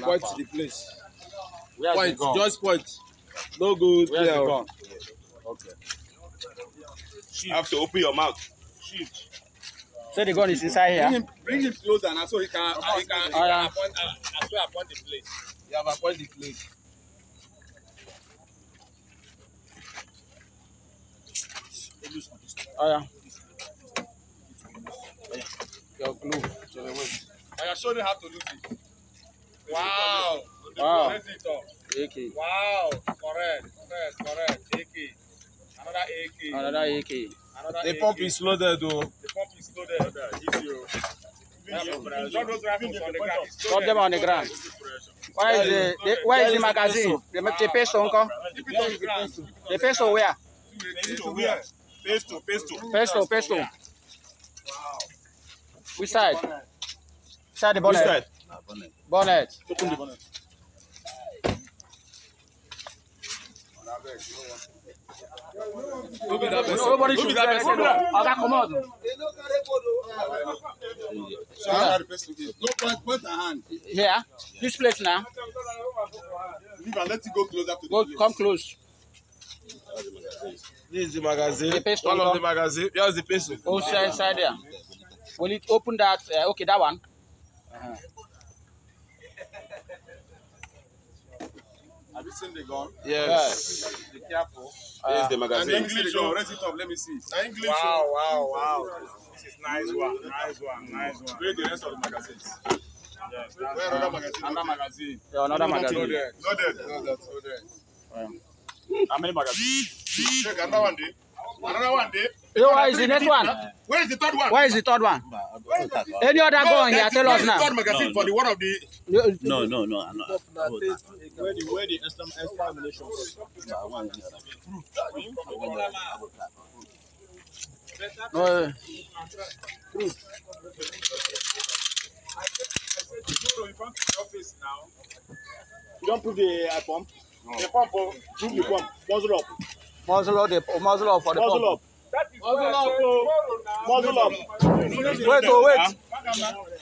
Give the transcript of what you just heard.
Point the place. Where point, just point. No good. Where there. Where's the Okay. You have to open your mouth. Shoot. So the gun is inside here. Bring him, bring him closer and so he can, he can, he can oh, yeah. appoint, uh, as well appoint the place. You have appointed the place. Oh yeah. Oh, yeah. Your glue. Oh, yeah. Show them how to lose it. Wow. Wow. AK. Wow. Correct. Correct. Correct. AK. Another AK. Another AK. Another the AK. pump is loaded though. The pump is loaded. Easy. Oh. Drop them on the ground. Where is the, the where is the magazine? The, the peso, uncle? The peso where? Pesto where? Pesto, pesto. Pesto, pesto. Wow. Which side? Side the bonnet. Which side? bonnet. Bonnet. Open the bonnet. Don't be that person. Nobody should be that person. Oga, come out. So how are the person? No, point, point her hand. Here. This place now. Leave and let it go closer to go, the place. Come close. This is the magazine. The pencil. One of the magazine. Here's the pencil. Oh, also inside there. Will it open that? Uh, okay, that one. Uh -huh. seen the gun? Yes. Be careful. Uh, ah. this the magazine. And English, oh, raise it up. Let me see. English. Wow, wow, wow. This is nice one. Nice one. Nice one. Read the rest of the magazines. Yes, Where another magazine? Another magazine. Yeah, another magazine. Not dead. Not dead. Not dead. Not dead. Um, how many magazines? Check another one, day. Another one, day. So where is the next one? Where is the third one? Where is the third one? Any other no, gun here? Tell us now. Third magazine no, for the one of the. No, no, no. I'm not. Where the where the extermination? No. I said to don't prove the uh, pump. No. The pump, oh, prove the pump. Muzzle up. Muzzle up. The muzzle up for the muzzle pump. up. Muzzle up. Muzzle up. Wait, oh, wait.